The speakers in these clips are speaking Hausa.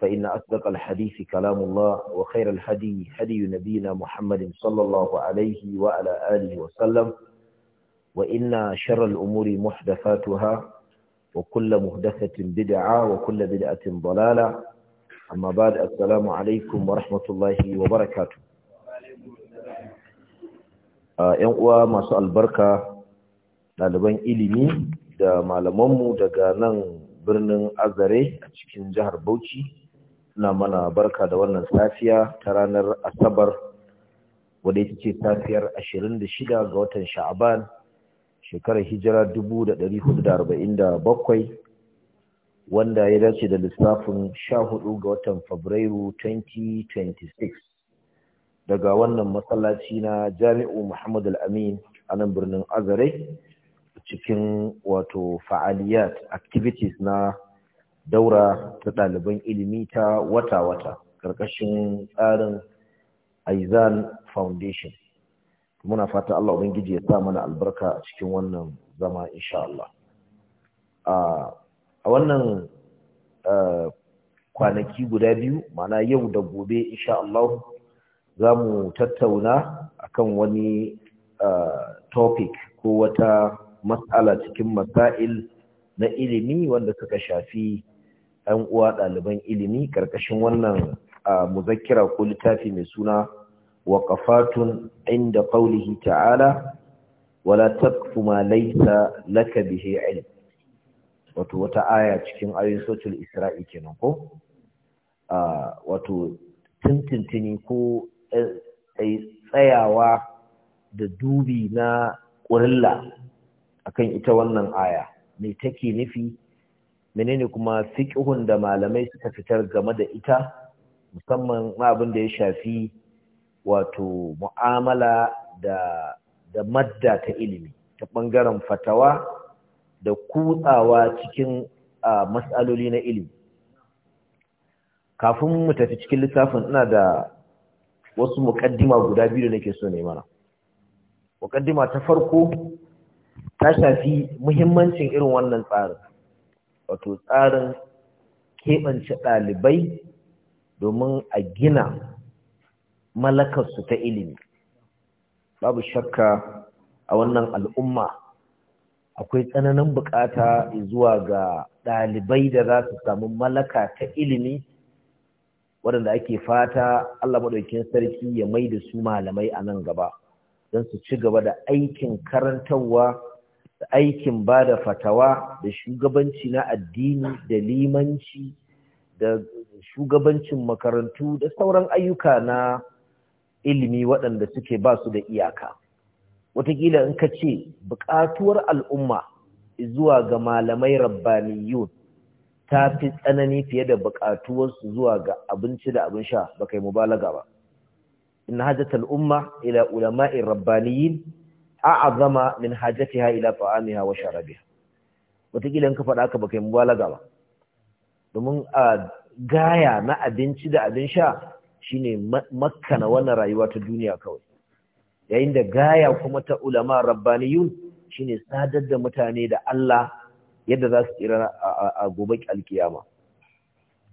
فإن أصدق الحديث كلام الله وخير الهدي هدي نبينا محمد صلى الله عليه وعلى آله وسلم وإن شر الأمور محدثاتها وكل مهدثة بدعة وكل بدعة ضلالة أما بعد السلام عليكم ورحمة الله وبركاته uwa masu albarka ɗaliban ilimi da malamanmu daga nan birnin azare a cikin jihar bauchi na mana barka da wannan safiya ta ranar asabar wadda ita ce safiyar 26 ga watan sha'aban shekarar hijira 1447 wanda ya dace da lissafin 14 ga watan fabrairu 2026 daga wannan matsalaci na jami'u Muhammadu al-amin a nan birnin azare cikin wato fa'aliyat activities na daura ta ɗaliban ilimi ta wata-wata ƙarƙashin tsarin aizan foundation muna fata Allah Ubangiji ya sa mana albarka a cikin wannan zama insha Allah a wannan kwanaki guda biyu mana yau da gobe insha Allah za mu tattauna akan wani topic ko wata matsala cikin masail na ilimi wanda suka shafi ‘yan uwa ɗaliban ilimi ƙarƙashin wannan muzakkira ko littafi mai suna waƙafatun inda ƙaulihi ta'ala wala taqfu ma laysa laka bihi ilm wato wata aya cikin ayoyin sotul isra'i kenan ko wato tintintini ko eh, eh, tsayawa da dubi na ƙurilla akan ita wannan aya me take nufi menene kuma fiqhun da malamai suka fitar game da ita musamman ma abin da ya shafi wato mu'amala da da madda ta ilimi ta bangaren fatawa da kutsawa cikin matsaloli na ilimi kafin mu tafi cikin littafin ina da wasu muƙaddima guda biyu da nake so ne mana Muƙaddima ta farko ta shafi muhimmancin irin wannan tsarin wato tsarin keɓance ɗalibai domin a gina malakarsu ta ilimi babu shakka a wannan al'umma akwai tsananin bukata zuwa ga ɗalibai da za su samu malaka ta ilimi waɗanda ake fata Allah maɗaukin sarki ya mai da su malamai a nan gaba don su ci gaba da aikin karantarwa aikin ba da fatawa da shugabanci na addini da limanci da shugabancin makarantu da sauran ayyuka na ilimi waɗanda suke ba su da iyaka Wataƙila in ka ce buƙatuwar al'umma zuwa ga malamai rabbaniyun ta fi tsanani fiye da buƙatuwarsu zuwa ga abinci da abin sha ba kai mubalaga ba in hajjata al'umma ila ulama'in rabbaniyin a'azama min hajatiha ila ta'amiha wa sharabiha wataƙila in ka faɗa haka baka yi mubalaga ba domin a gaya na abinci da abin sha shine makkana wannan rayuwa ta duniya kawai yayin da gaya kuma ta ulama rabbaniyun shine sadar da mutane da Allah yadda za su tsira a gobe alkiyama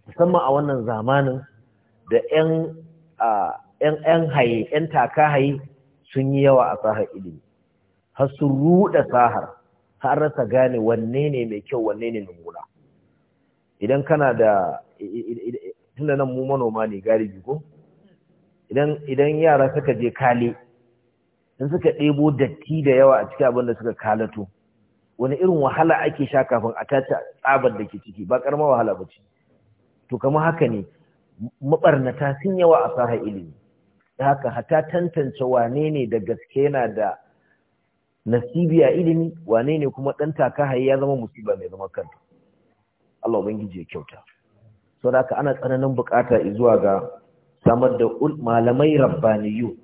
musamman a wannan zamanin da 'yan 'yan haye 'yan taka haye sun yi yawa a sahar ilimi har da sahar har rasa gane wanne ne mai kyau wanne ne mummuna idan kana da tunda nan mu manoma ne galibi ko idan idan yara suka je kale in suka ɗebo datti da yawa a cikin abin da suka kalato wani irin wahala ake sha kafin a tace tsabar da ke ciki ba karama wahala ba ce to kamar haka ne mabarnata sun yawa a sahar ilimi da haka hata tantance wane ne da gaske yana da nasibi a ilimi wane ne kuma ɗan takahaye ya zama musiba mai zama kanta Allah ubangiji ya kyauta sau da ana tsananin bukata zuwa ga samar da malamai rabbaniyu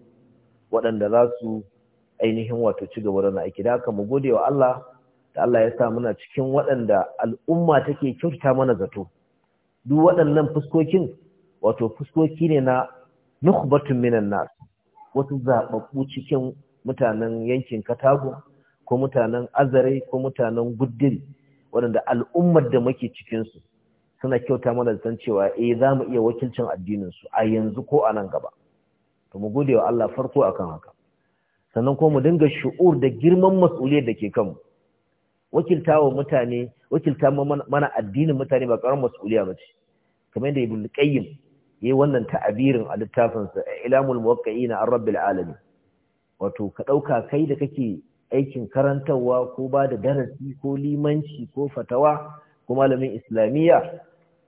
waɗanda za su ainihin wato ci gaba da aiki da haka mu gode wa Allah da Allah ya sa muna cikin waɗanda al'umma take kyauta mana zato duk waɗannan fuskokin wato fuskoki ne na nukhbatun minan nas wasu zaɓaɓɓu cikin mutanen yankin katago ko mutanen azare ko mutanen guddiri waɗanda al'ummar da muke cikinsu suna kyauta mana da san cewa eh za mu iya wakilcin addininsu a yanzu ko a nan gaba to mu gode wa Allah farko akan haka sannan kuma mu dinga shu'ur da girman mas'uliyar da ke kanmu wakilta mutane wakilta mana addinin mutane ba karamar mas'uliya ba ce kamar yadda ibn qayyim yayi wannan ta'abirin a littafin sa ilamul muwaqqi'ina ar rabbil alamin wato ka ɗauka kai da kake aikin karantarwa ko ba da darasi ko limanci ko fatawa ko malamin islamiyya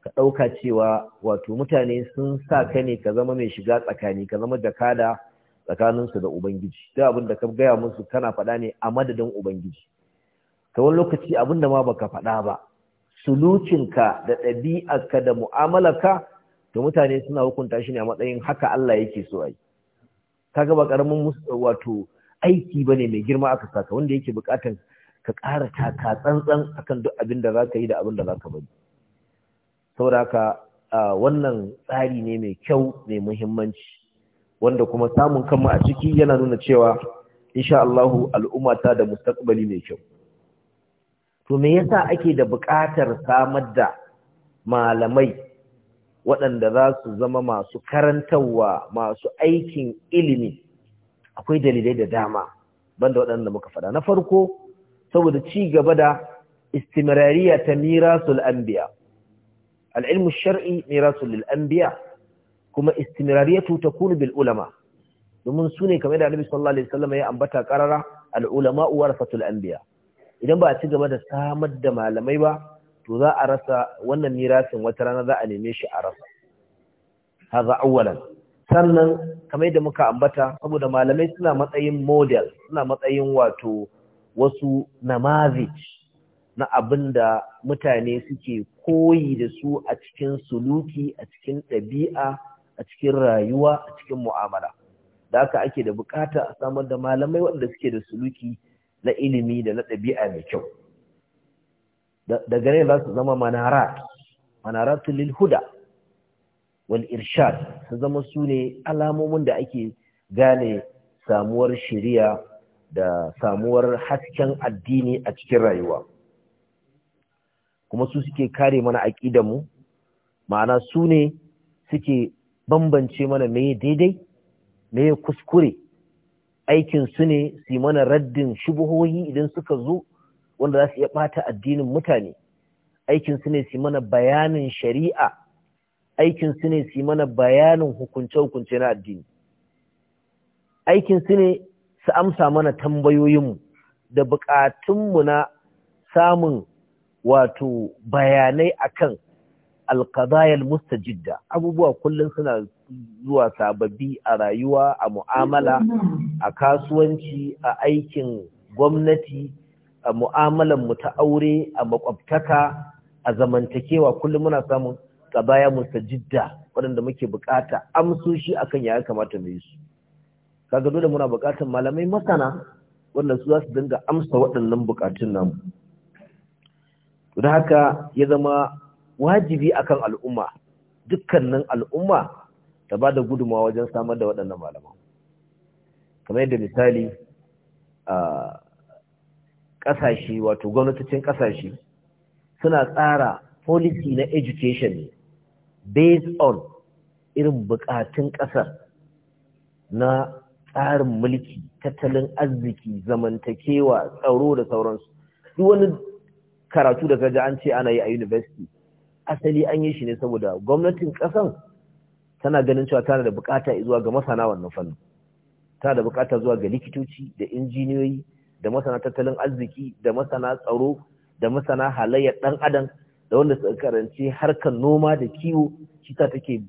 ka ɗauka cewa wato mutane sun sa ka ne ka zama mai shiga tsakani ka zama jakada tsakaninsu da ubangiji duk abin da ka gaya musu kana faɗa ne a madadin ubangiji Ka wani lokaci abin da ma baka faɗa ba sulucinka da ɗabi'arka da mu'amalarka to mutane suna hukunta shi ne a matsayin haka Allah yake so a yi kaga ba karamin wato aiki ba ne mai girma aka saka wanda yake bukatan ka ƙara taka tsantsan akan duk abin da zaka yi da abin da zaka bari saboda haka wannan tsari ne mai kyau mai muhimmanci wanda kuma samun kanmu a ciki yana nuna cewa insha al'ummata, al'umma ta da mustaqbali mai kyau to me yasa ake da buƙatar samar da malamai waɗanda za su zama masu karantarwa masu aikin ilimi akwai dalilai da dama banda waɗanda muka faɗa na farko saboda ci gaba da istimirariya ta mirasul anbiya al'ilmu shar'i mirasul lil anbiya kuma istimirariyatu takunu bil ulama domin su ne kamar da annabi sallallahu alaihi wasallam ya ambata karara al'ulama warasatul anbiya idan ba a ci gaba da samar da malamai ba to za a rasa wannan mirasin wata rana za a neme shi a rasa haza awalan. sannan kamar da muka ambata saboda malamai suna matsayin model suna matsayin wato wasu namazic na abinda mutane suke koyi da su a cikin suluki a cikin ɗabi'a a cikin rayuwa a cikin mu'amala da haka ake da bukata a samar da malamai waɗanda suke da suluki na ilimi da na ɗabi'a mai kyau da gare za su zama manarat manaratu lil huda wal irshad su zama su ne alamomin da ake gane samuwar shari'a da samuwar hasken addini a cikin rayuwa kuma su suke kare mana mu? ma'ana su ne suke bambance mana me daidai me kuskure aikin su ne su mana raddin shubuhohi idan suka zo wanda za su iya ɓata addinin mutane aikin su ne su mana bayanin shari'a aikin su ne su mana bayanin hukunce-hukunce na addini aikin su ne su amsa mana tambayoyinmu da bukatunmu na samun wato bayanai akan alkadayar mustajidda abubuwa kullum suna zuwa sababbi a rayuwa a mu'amala a kasuwanci a aikin gwamnati a mu'amalan mu ta aure a makwabtaka a zamantakewa kullum muna samun kabaya jidda waɗanda muke bukata amsoshi akan ya kamata mu yi su kaga dole muna bukatan malamai masana wanda su za su dinga amsa waɗannan bukatun namu don haka ya zama wajibi akan al'umma dukkanin al'umma ta bada gudumawa wajen samar da waɗannan malamai kamar yadda misali a ah, ƙasashe wato gwamnatocin ƙasashe suna tsara policy na education ne based on irin buƙatun ƙasar na tsarin mulki tattalin arziki zamantakewa tsaro da sauransu duk wani karatu da kaji an ce ana yi a university asali an yi shi ne saboda gwamnatin ƙasan tana ganin cewa tana da bukata zuwa ga masana wannan fannin tana da bukata zuwa ga likitoci da injiniyoyi da masana tattalin arziki da masana tsaro da masana halayyar ɗan adam da wanda suka karanci harkar noma da kiwo shi ta take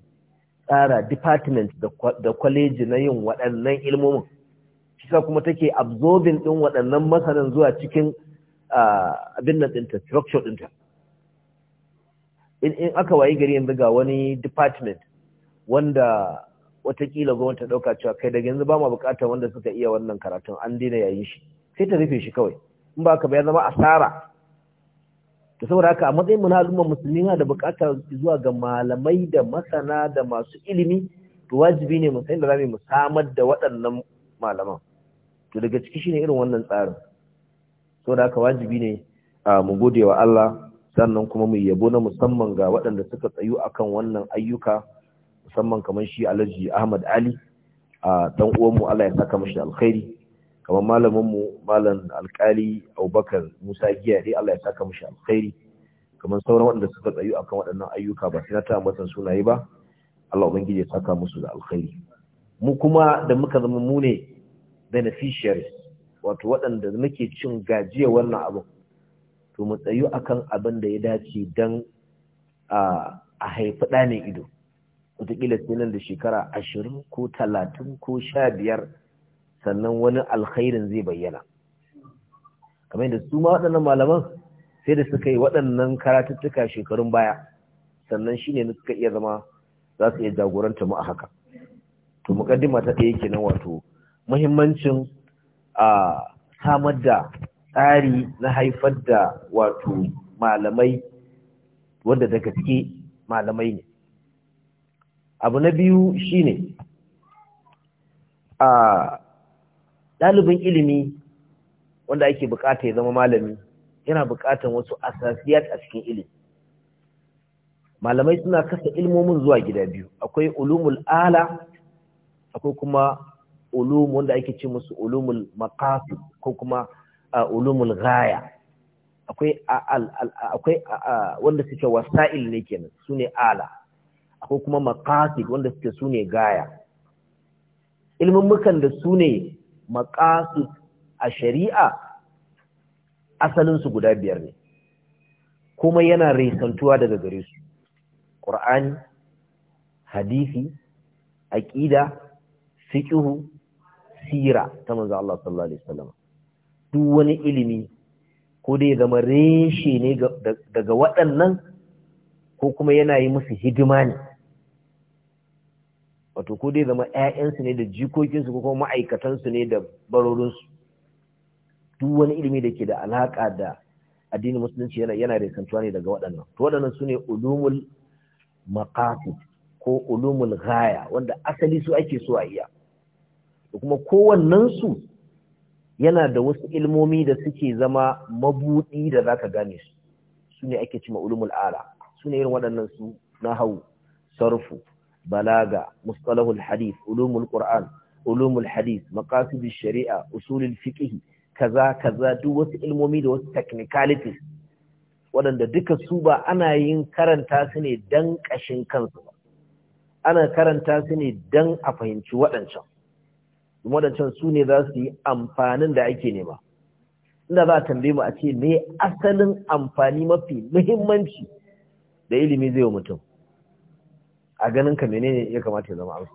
tsara department da kwaleji na yin waɗannan ilmomin shi ta kuma take absorbing ɗin waɗannan masanan zuwa cikin abin da ɗinta structure ɗinta in aka wayi gari yanzu ga wani department wanda watakila gwamnati ɗauka cewa kai daga yanzu ba ma bukatar wanda suka iya wannan karatun an daina yayin shi sai ta rufe shi kawai in ba ka ba ya zama asara Da saboda haka a matsayin mu na musulmi na da buƙatar zuwa ga malamai da masana da masu ilimi to wajibi ne mu san da zamu mu samar da waɗannan malaman to daga ciki shine irin wannan tsarin saboda haka wajibi ne mu gode wa Allah sannan kuma mu yabo na musamman ga waɗanda suka tsayu akan wannan ayyuka musamman kamar shi Alhaji Ahmad Ali a dan mu Allah ya saka mishi alkhairi kamar malaminmu malam alkali abubakar musa giya dai allah ya saka mushi alkhairi kamar sauran waɗanda suka tsayu akan waɗannan ayyuka ba sai na ta ambatan sunaye ba allah ubangiji ya saka musu da alkhairi mu kuma da muka zama mu ne beneficiaries wato waɗanda muke cin gajiya wannan abin to mu tsayu akan abin da ya dace don a haifi ɗanin ne ido wataƙila sai nan da shekara ashirin ko talatin ko sha biyar sannan wani alkhairin zai bayyana kamar da su ma waɗannan malaman sai da suka yi waɗannan karatuttuka shekarun baya sannan shine suka iya zama za su iya jagoranta mu a haka to mukaddima ta ɗaya kenan wato muhimmancin a samar da tsari na haifar da wato malamai wanda da gaske malamai ne abu na biyu shine a ɗalibin ilimi wanda ake bukata ya zama malami yana bukatan wasu asasiyat a cikin ilimi malamai suna kasa ilmomin zuwa gida biyu akwai ulumul ala akwai kuma ulum wanda ake ce musu ulumul maqasid ko kuma ulumul ghaya akwai akwai wanda suke wasa'il ne kenan sune ala akwai kuma maqasid wanda suke sune gaya ilmin mukan da sune maqasid a shari'a asalinsu guda biyar ne kuma yana resantuwa daga gare su qur'ani hadisi aqida fiqhu sira ta manzo Allah sallallahu alaihi wasallam duk wani ilimi ko dai zama reshe ne daga waɗannan ko kuma yana yi musu hidima ne wato ko dai zama ƴaƴansu ne da jikokinsu ko kuma ma'aikatansu ne da barorinsu duk wani ilimi da ke da alaƙa da addinin musulunci yana yana da kantuwa ne daga waɗannan to waɗannan su ne ulumul maqasid ko ulumul ghaya wanda asali su ake so a iya da kuma kowannensu yana da wasu ilmomi da suke zama mabuɗi da za ka gane su su ne ake cima ulumul ala su ne irin waɗannan su na hau sarfu balaga mustalahul hadith ulumul qur'an ulumul hadith maqasidul shari'a usulul fiqh kaza kaza duk wasu ilmomi da wasu technicalities waɗanda duka su ba ana yin karanta su ne dan kashin kansu ba ana karanta su ne dan a fahimci waɗancan waɗancan su ne za su yi amfanin da ake nema inda za a tambaye mu a ce me asalin amfani mafi muhimmanci da ilimi zai wa mutum a ganin ka menene ya kamata ya zama amsa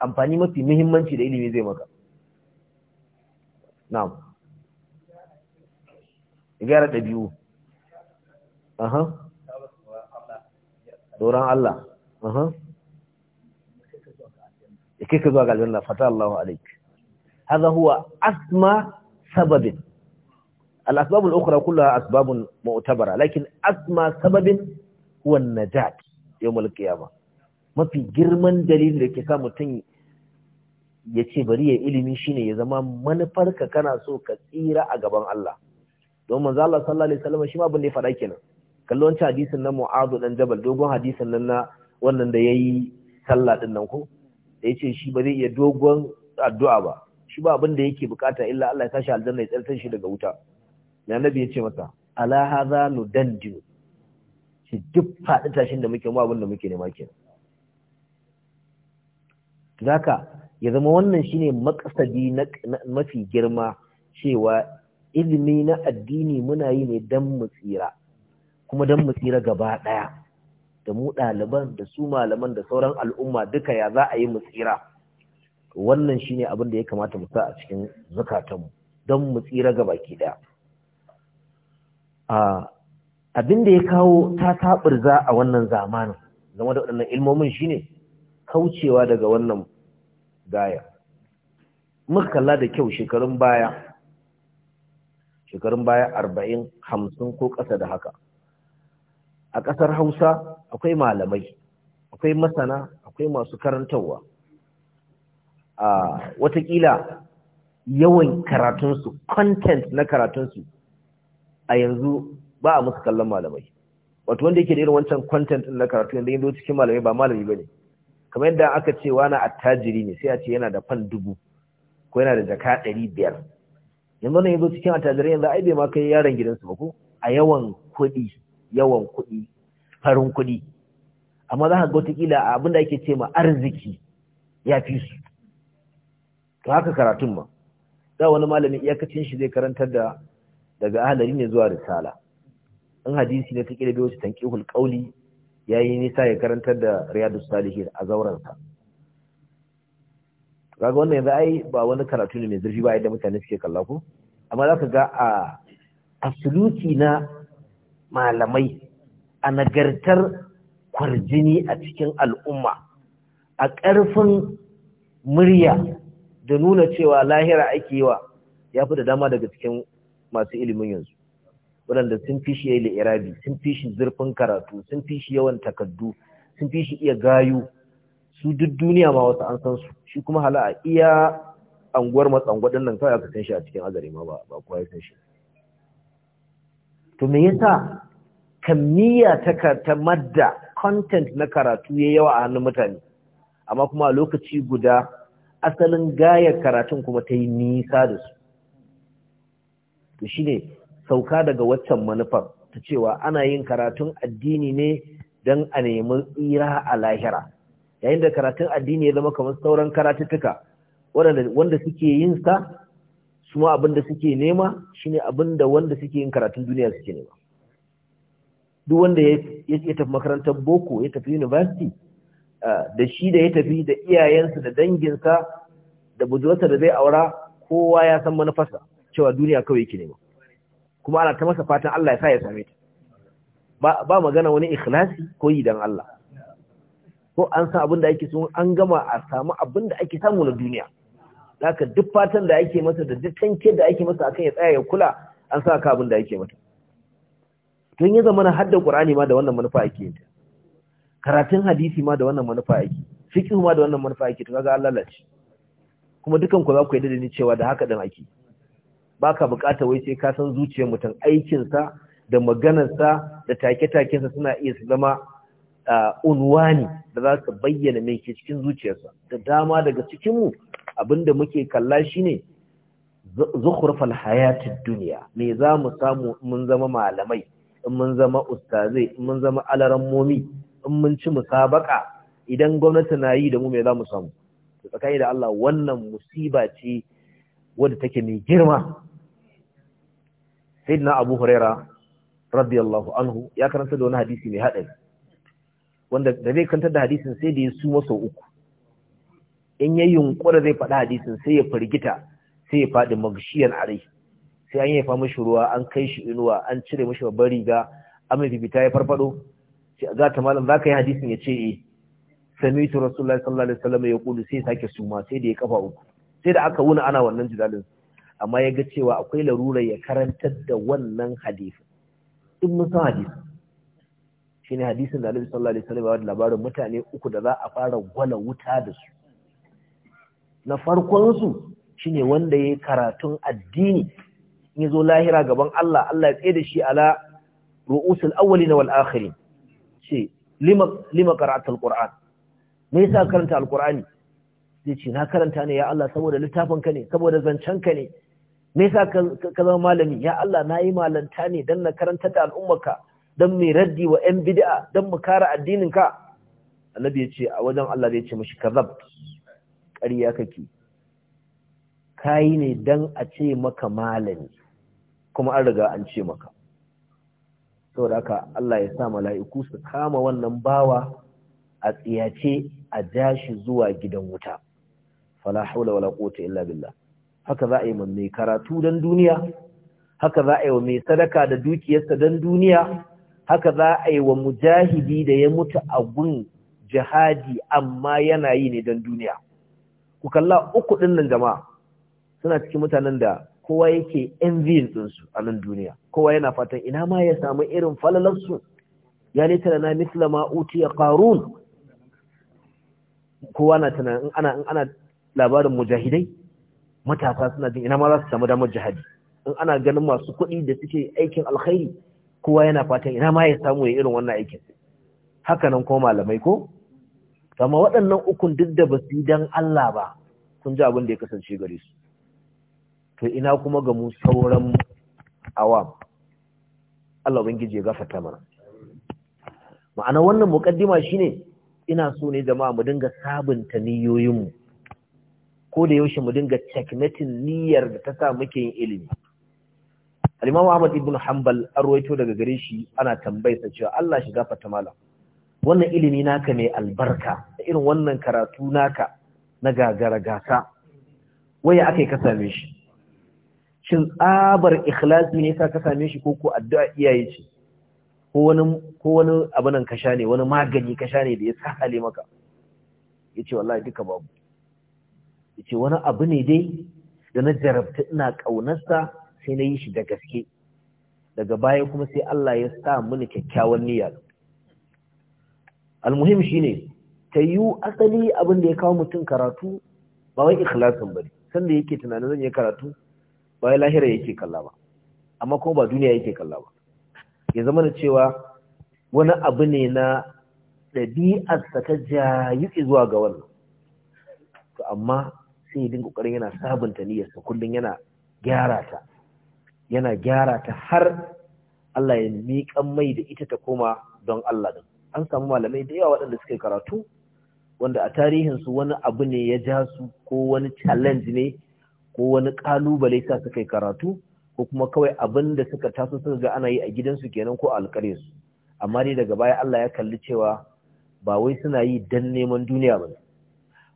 amfani mafi muhimmanci da ilimi zai maka na'am gyara ɗabi'u aha doron Allah aha ya kai ka zuwa galibin da, fata Allahu alaik haza huwa asma sababin الأسباب الأخرى كلها أسباب معتبرة لكن أسمى سبب هو النجاة يوم القيامة mafi girman dalilin da ke sa mutum ya ce bari ya ilimi shine ya zama manufarka kana so ka tsira a gaban Allah don manzo Allah sallallahu alaihi wasallam shi ma abin da ya faɗa kenan kallon wancan hadisin na Mu'adh dan Jabal dogon hadisin nan na wannan da yayi sallah din nan ko da yace shi ba zai iya dogon addu'a ba shi ba abin da yake bukata illa Allah ya tashi aljanna ya tsaltar shi daga wuta ya ce masa ala hadha nudandu shi duk faɗi tashin da muke mu abin da muke nema kenan zaka ya zama wannan shine makasadi na mafi girma cewa ilimi na addini muna yi ne dan mu tsira kuma dan mu tsira gaba daya da mu ɗaliban da su malaman da sauran al'umma duka ya za a yi mu tsira wannan shine abin da ya kamata mu sa a cikin zukatanmu don mu tsira gaba ki daya ah, abin da ya kawo ta tabirza a wannan zamanin game da waɗannan ilmomin shine kaucewa daga wannan gaya muka kalla da kyau shekarun baya shekarun baya arba'in hamsin ko ƙasa da haka a ƙasar hausa akwai malamai akwai masana akwai masu karantarwa a watakila yawan karatunsu content na karatunsu a yanzu ba a musu kallon malamai wato wanda yake da irin wancan content na karatu yadda yanzu cikin malamai ba malami ba ne kamar yadda aka ce wani attajiri ne sai a ce yana da fan dubu ko yana da jaka ɗari biyar yanzu ne yazo cikin attajirai yanzu ai bai ma kai yaron gidansu ba ko a yawan kuɗi yawan kuɗi farin kuɗi amma za ka ga wataƙila a abin da ake ce ma arziki ya fi su to haka karatun ma za wani malamin iyakacin shi zai karantar da daga ahalari ne zuwa risala in hadisi ne ta kila bai wuce tanqihul qawli ya yi nisa ya karantar da riyadu salihi a zaurensa kaga wannan yanzu ai ba wani karatu ne mai zurfi ba yadda mutane suke kalla ko amma za ka ga a asuluki na malamai a nagartar kwarjini a cikin al'umma a ƙarfin murya da nuna cewa lahira ake yi wa ya fi da dama daga cikin masu ilimin yanzu waɗanda sun fi shi yayi irabi sun fi shi zurfin karatu sun fi shi yawan takaddu sun fi shi iya gayu su duk duniya ma wasu an san su shi kuma hala a iya anguwar matsangwadin nan kawai aka san shi a cikin azari ma ba kowa ya san shi to me yasa kammiya ta ta madda content na karatu ya yawa a hannun mutane amma kuma a lokaci guda asalin gayar karatun kuma ta yi nisa da su to shine sauka daga waccan manufar ta cewa ana yin karatun addini ne don a nemi tsira a lahira yayin da karatun addini ya zama kamar sauran karatuttuka wanda suke yin sa su ma abinda suke nema shine abinda wanda suke yin karatun duniya suke nema duk wanda ya tafi makarantar boko ya tafi university da shi da ya tafi da iyayensa da danginsa da budurarsa da zai aura kowa ya san manufarsa cewa duniya kawai yake nema kuma ana ta masa fatan Allah ya sa ya same ta ba magana wani ikhlasi ko yi dan Allah ko an san abin da ake so an gama a samu abin da ake samu na duniya haka duk fatan da ake masa da duk tanke da ake masa akan ya tsaya ya kula an sa ka abin da ake mata tun ya zama na hadda qur'ani ma da wannan manufa ake yin karatun hadisi ma da wannan manufa ake fiqh ma da wannan manufa ake to kaga Allah lalace kuma dukan ku za ku yi da ni cewa da haka dan ake Ba ka bukata wai sai ka san zuciyar mutum aikinsa da maganarsa da take-takensa suna iya su zama unwani da za su bayyana mai ke cikin zuciyarsa da dama daga cikinmu abinda muke kalla shi ne zukhurfal hayatun duniya me za mu samu mun zama malamai in mun zama ustazai in mun zama alarammomi in mun ci musabaka idan gwamnati na yi da mu me za mu samu tsakani da Allah wannan musiba ce wadda take mai girma sayyidina abu huraira radiyallahu anhu ya karanta da wani hadisi mai haɗari wanda da zai kantar da hadisin sai da ya su maso uku in ya yunkura zai faɗi hadisin sai ya firgita sai ya faɗi magshiyan a sai an yi fa mashi ruwa an kai shi inuwa an cire mashi babban riga an mai ya farfado ga ta malam za ka yi hadisin ya ce eh samitu rasulullahi sallallahu alaihi wasallam ya kudu sai sake suma sai da ya kafa uku sai da aka wuna ana wannan jidalin amma ya ga cewa akwai larura ya karantar da wannan hadisi in mun san hadisi ne hadisin da Annabi sallallahu alaihi wasallam ya bada labarin mutane uku da za a fara gwala wuta da su na farkon su shine wanda yi karatun addini in yazo lahira gaban Allah Allah ya tsaye da shi ala ru'usul awwalin wal akhirin ce lima lima qara'atul qur'an me yasa karanta alqur'ani zai ce na karanta ne ya Allah saboda littafin ka ne saboda zancen ka ne me yasa ka zama malami ya Allah na yi malanta ne dan na karanta da al'ummarka dan mai raddi wa yan bid'a dan mu kare addinin ka annabi ya ce a wajen Allah ya ce mishi kazab ƙarya kake kayi ne dan a ce maka malami kuma an riga an ce maka saboda haka Allah ya sa mala'iku su kama wannan bawa a tsiyace a jashi zuwa gidan wuta fala haula wala quwwata illa billah haka za a yi mai karatu don duniya haka za a yi wa mai sadaka da dukiyarsa don duniya haka za a yi wa mujahidi da ya mutu a gun jihadi amma yana yi ne don duniya ku kalla uku ɗin nan jama'a suna cikin mutanen da kowa yake envying ɗinsu a nan duniya kowa yana fatan ina ma ya samu irin falalarsu ya tana na misla ma utiya qarun kowa na tunanin ana ana labarin mujahidai matasa suna jin ina ma za su samu damar jihadi in ana ganin masu kuɗi da suke aikin alkhairi kowa yana fatan ina ma ya samu ya irin wannan aikin haka nan ko malamai ko amma waɗannan ukun duk da basu yi dan Allah ba kun ji abin da ya kasance gare su to ina kuma ga mu sauran awam Allah ubangiji ya gafarta mana ma'ana wannan muqaddima shine ina so ne jama'a mu dinga sabunta niyoyinmu ko da yaushe mu dinga checkmating niyyar da ta sa muke yin ilimi al-imamu ahmad ibn hanbal an ruwaito daga gare shi ana tambayarsa cewa Allah shi gafarta malam wannan ilimi naka mai albarka da irin wannan karatu naka na gagara gasa waye akai ka same shi shin tsabar ikhlasi ne sa ka same shi ko ko addu'a iyaye ce ko wani ko wani abu nan ka sha ne wani magani ka ne da ya sahale maka yace wallahi duka babu yace wani abu ne dai da na jarabta ina ƙaunarsa sai na yi shi da gaske daga baya kuma sai Allah ya sa mini kyakkyawan niyya almuhim shine ta yi asali abin da ya kawo mutum karatu ba wai ikhlasin bane sanda yake tunanin zan yi karatu ba wai lahira yake kalla ba amma kuma ba duniya yake kalla ba ya zama da cewa wani abu ne na ɗabi'arsa ta jayi zuwa ga wannan to amma sai yi dinga kokarin yana sabunta niyyarsa kullum yana gyara ta yana gyara ta har Allah ya miƙan mai da ita ta koma don Allah din an samu malamai da yawa waɗanda suka karatu wanda a tarihinsu wani abu ne ya ja su ko wani challenge ne ko wani kalubale sa suka yi karatu ko kuma kawai abin da suka taso suka ga ana yi a gidansu kenan ko a su amma dai daga baya Allah ya kalli cewa ba wai suna yi dan neman duniya ba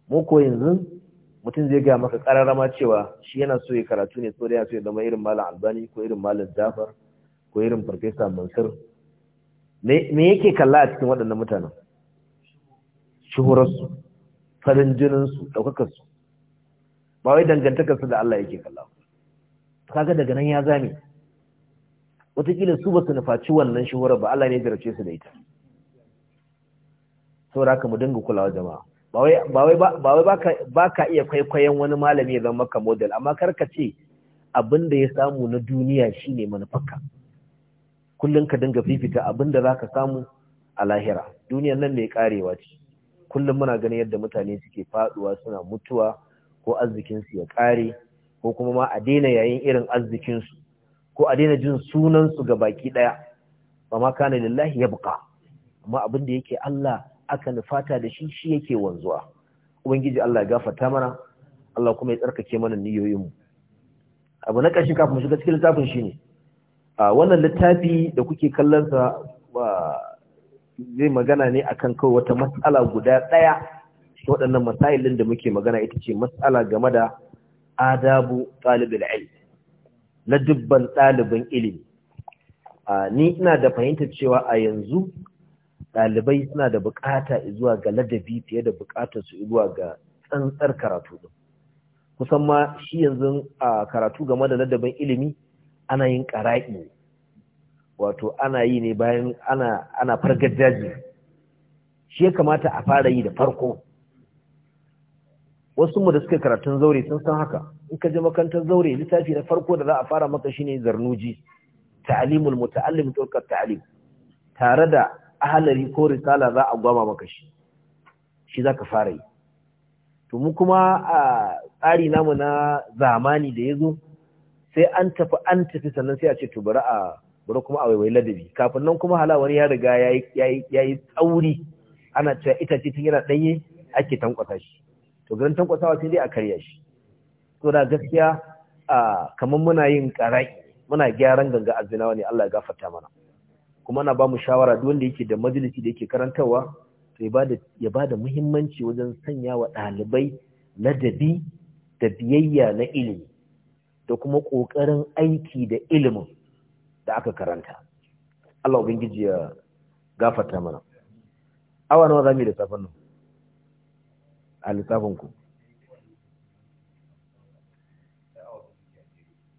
mu ko yanzu mutum zai ga maka kararrama cewa shi yana so ya karatu ne so da ya so ya zama irin malam albani ko irin malam zafar ko irin farfesa mansur me yake kalla a cikin waɗannan mutanen shuhurarsu farin jininsu ɗaukakarsu ba wai dangantakarsu da Allah yake kalla kaga daga nan ya zame wataƙila su ba su nufaci wannan shuhurar ba Allah ne ya su da ita saboda haka mu dinga kulawa jama'a ba ba ka iya kwaikwayon wani malami ya maka model amma karka ce abin da ya samu na duniya shine manufarka kullum ka dinga fifita abin da za ka samu a lahira duniyan nan mai karewa ce kullum muna ganin yadda mutane suke faduwa suna mutuwa ko arzikinsu ya kare ko kuma ma a daina yayin irin arzikinsu ko a daina jin sunansu ga baki daya ba ma kana lillahi ya buka amma abin da yake Allah aka nufata da shi shi yake wanzuwa ubangiji Allah ya gafarta mana Allah kuma ya tsarkake mana niyoyinmu abu na ƙarshe kafin mu shiga cikin littafin shine a wannan littafi da kuke kallon sa zai magana ne akan kawai wata matsala guda ɗaya waɗannan masailin da muke magana ita ce matsala game da adabu ɗalibin ilmi na dubban ɗalibin ilimi ni ina da fahimtar cewa a yanzu ɗalibai suna da bukata zuwa ga ladabi fiye da bukatar su zuwa ga tsantsar karatu din kusan ma shi yanzu a karatu game da ladabin ilimi ana yin ƙara'i wato ana yi ne bayan ana ana fargar daji shi ya kamata a fara yi da farko wasu mu da suka karatun zaure sun san haka in ka je makarantar zaure littafi na farko da za a fara maka shine zarnuji ta'limul muta'allim turqat ta'lim tare da ahalari ko risala za a gwama maka shi shi za ka fara yi to mu kuma a tsari namu na zamani da ya zo sai an tafi an tafi sannan sai a ce to bari a bari kuma a waiwai ladabi kafin nan kuma halawar ya riga ya yi tsauri ana cewa itace tun yana ɗanye ake tankwasa shi to garin tankwasawa sai dai a karya shi to da gaskiya kamar muna yin ƙara'i muna gyaran ganga azinawa ne Allah ya gafarta mana kuma na ba mu shawara duk wanda yake da majalisi da yake karantarwa to ya ba da muhimmanci wajen sanya wa ɗalibai ladabi da biyayya na ilimi da kuma ƙoƙarin aiki da ilimin da aka karanta Allah ubangiji ya gafarta mana awa nawa zamu da safan nan a lissafin ku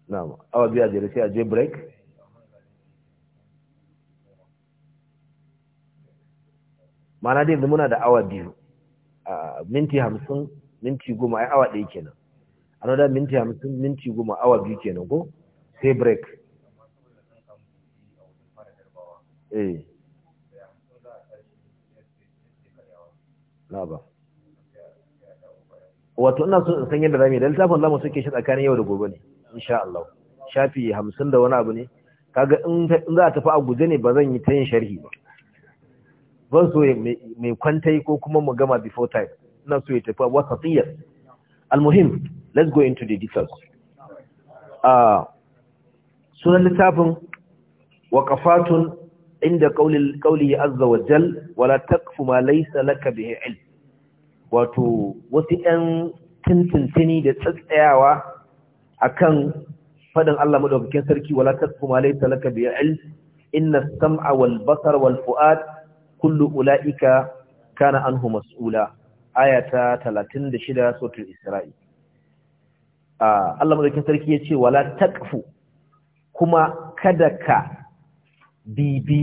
na'am awa biya jere sai a je break mana dai yanzu muna da awa biyu minti hamsin minti goma ai awa ɗaya kenan another minti hamsin minti goma awa biyu kenan ko sai break eh na ba wato ina so in san yadda zamu yi da littafin zamu suke shi tsakanin yau da gobe ne insha Allah shafi hamsin da wani abu ne kaga in za a tafi a guje ne ba zan yi ta yin sharhi ba ban so mai kwantai ko kuma mu gama before time ina so ya tafi wasatiyya almuhim let's go into the details ah sunan littafin waqafatun inda qaulil ya azza wa jal wala taqfu ma laysa laka bihi ilm wato wasu ɗan tintintini da tsatsayawa kan fadin Allah madaukakin sarki wala taqfu ma laysa laka bihi ilm inna sama wal basar, wal fu'ad kullu ula'ika kana anhu mas'ula ayata 36 suratul isra'i Allah madaukin sarki yace wala taqfu kuma kada ka bibi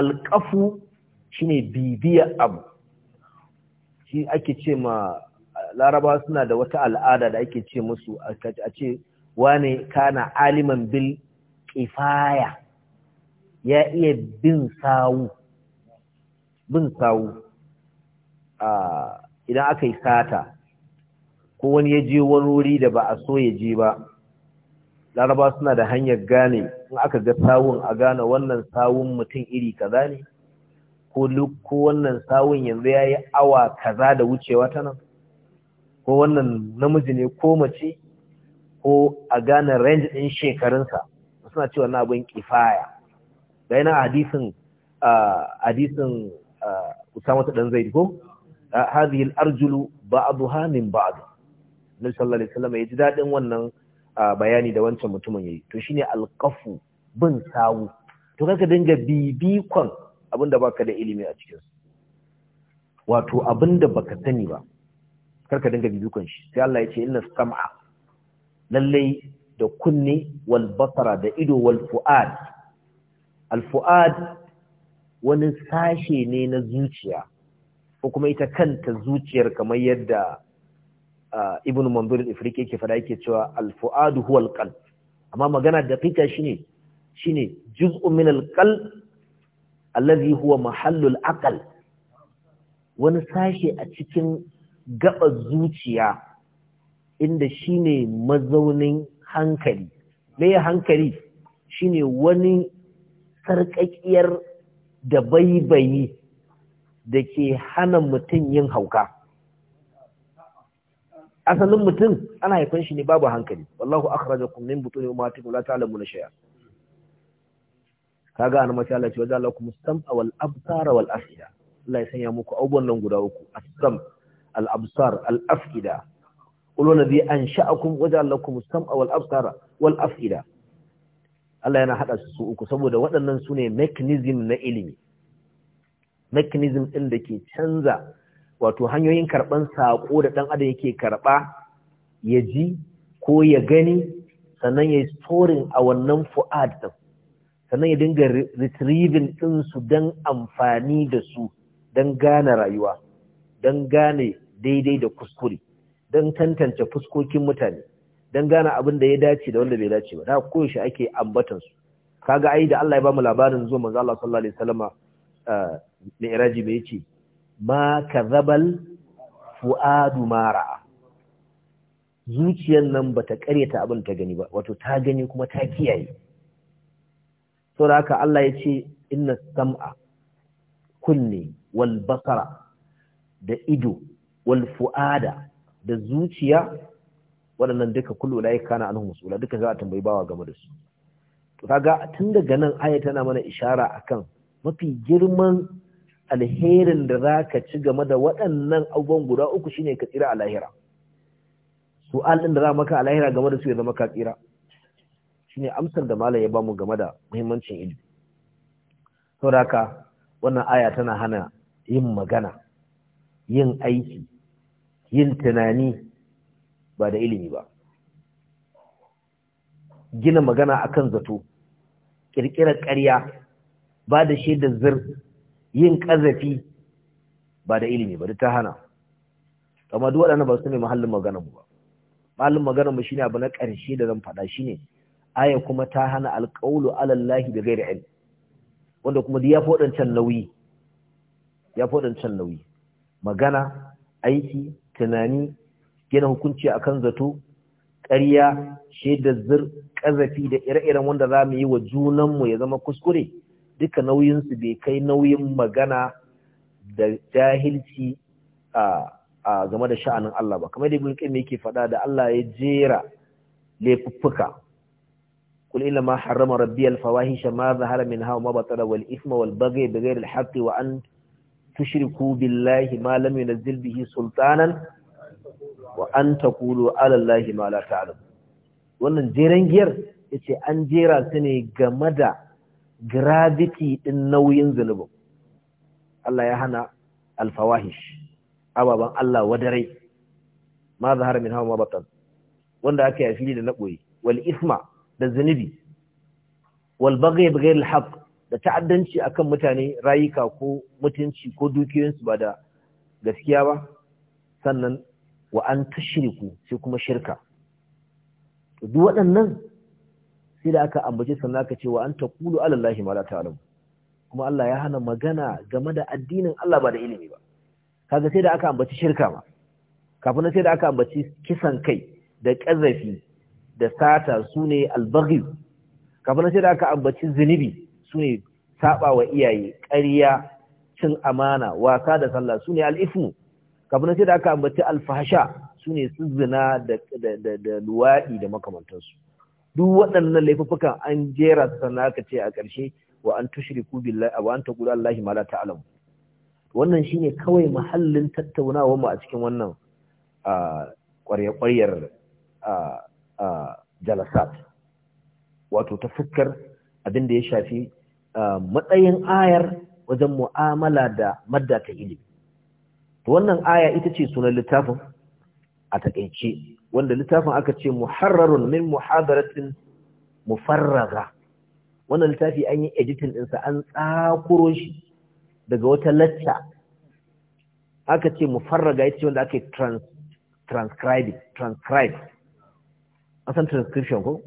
alqafu shine bibiya abu shi ake ce ma laraba suna da wata al'ada da ake ce musu a ce wane kana aliman bil kifaya ya iya bin sawu bin sawu idan aka yi sata ko wani ya je wani wuri da ba a so ya je ba laraba suna da hanyar gane in aka ga sawun a gane wannan sawun mutum iri kaza ne ko ko wannan sawun yanzu ya yi awa kaza da wucewa ta nan ko wannan namiji ne ko mace ko a gane range ɗin shekarunsa suna cewa na abin kifaya ga hadisin usama ta dan zaid ko hadhihi al-arjulu ba'daha min ba'd nabi sallallahu alaihi wasallam ya ji dadin wannan bayani da wancan mutumin yayi to shine al-qafu bin sawu to kaka dinga bibikon abinda baka da ilimi a cikin wato abinda baka sani ba karka dinga bibikon shi sai Allah ya ce inna sam'a lallai da kunne wal basara da ido wal fu'ad al fu'ad wani sashe ne na zuciya ko kuma ita kanta zuciyar kamar yadda ah, ibn Mambirin ifriki yake fada yake cewa al-fu'adu huwa al amma magana da fika shine shine juz'un min al-qalb allazi huwa mahallu al wani sashe a cikin gaba zuciya inda shine mazaunin hankali me hankali shine wani sarƙaƙiyar da baibayi da ke hana mutum yin hauka asalin mutum ana haifan shi ne babu hankali wallahu akhrajakum min butuni ta alamu na shay'a Ka an mace Allah ce wajen Allah kuma sam'a wal wal'abtar wal wal'afida. Allah ya sanya muku abubuwan nan guda uku a sam al absar al na ulul an sha'akun wajen Allah kuma sam'a wal wal'abtar wal wal'afida. Allah yana haɗa su uku saboda waɗannan su ne mechanism na ilimi mechanism ɗin da ke canza wato hanyoyin karɓan saƙo da ɗan adam yake karɓa ya ji ko ya gani sannan ya yi storing a wannan fu'ad ɗin sannan ya dinga retrieving ɗinsu don amfani da su don gane rayuwa don gane daidai da kuskure don tantance fuskokin mutane don gane abin da ya dace da wanda bai dace ba da koyaushe ake ambatar su kaga ai da Allah ya bamu labarin zuwa manzo Allah sallallahu alaihi wasallama eh, iraji bai ce ma kadhabal fuadu mara zuciyan nan ba bata karyata abin ta gani ba wato ta gani kuma ta kiyaye saboda haka Allah ya ce inna sam'a kunne wal basara da ido wal fuada da zuciya waɗannan duka kullu la kana anhu musula duka za a tambayi bawa game da su to kaga tun daga nan aya tana mana ishara akan mafi girman alherin da zaka ci game da waɗannan abubuwan guda uku shine ka tsira a lahira su'al din da za maka a lahira game da su ya zama ka tsira shine amsar da malam ya ba mu game da muhimmancin ilimi saboda haka wannan aya tana hana yin magana yin aiki yin tunani ba da ilimi ba gina magana akan zato ƙirƙirar ƙarya ba da shaidar zir yin ƙazafi ba da ilimi ba da ta hana amma duk waɗannan ba su ne mahallin maganar mu ba mahallin maganar mu shine abu na ƙarshe da zan faɗa shine aya kuma ta hana alƙawlu alallahi da gairi ilmi wanda kuma ya fodancan nauyi ya fodancan nauyi magana aiki tunani gina hukunci akan zato ƙarya shaidar zir, ƙazafi da ire-iren wanda za mu yi wa junanmu ya zama kuskure duka nauyinsu bai kai nauyin magana da jahilci a game da sha'anin Allah ba kamar da ibn qayyim yake faɗa da Allah ya jera laifuffuka ma zahara rabial wa ma batara wal ithma wal baghy والإثم al بغير wa an tushriku billahi ma lam yunzil Bihi, Sultanan. wa an ta ala alallahi ma la ta'lam wannan jeren giyar yace an jera su ne game da gravity din nauyin zunubin Allah ya hana alfawahish ababan Allah wadare ma zahar min hawa batan wanda aka yi da na wal isma da zunubi wal baghy bighayr al haqq da ta'addanci akan mutane rayuka ko mutunci ko dukiyoyinsu ba da gaskiya ba sannan wa an shirku sai kuma shirka duk waɗannan sai da aka ambace sannan aka ce wa an ta ala allahi ma la ta'lam kuma Allah ya hana magana game da addinin Allah ba da ilimi ba kaga sai da aka ambaci shirka ma kafin sai da aka ambaci kisan kai da ƙazafi da sata sune albaghi kafin sai da aka ambaci zunubi sune saba wa iyaye ƙarya cin amana wasa da sallah sune al-ithmu kafin sai da aka ambaci alfahasha su ne su zina da luwaɗi da makamantansu duk waɗannan laifuffukan an jera su sannan aka ce a ƙarshe wa an tushriku billahi wa an taqulu allahi ma la ta'lamu wannan shine kawai mahallin tattaunawa mu a cikin wannan ƙwarya-ƙwaryar jalasat wato ta fuskar abin da ya shafi matsayin ayar wajen mu'amala da madda ta ilimi wannan aya ita ce sunan littafin a takaice wanda littafin aka ce muharrarun min muhadaratin mufarraga wannan littafi an yi editing ɗinsa an tsakuro shi daga wata lacca aka ce mufarraga ita ce wanda aka yi transcribe transcribe an san transcription ko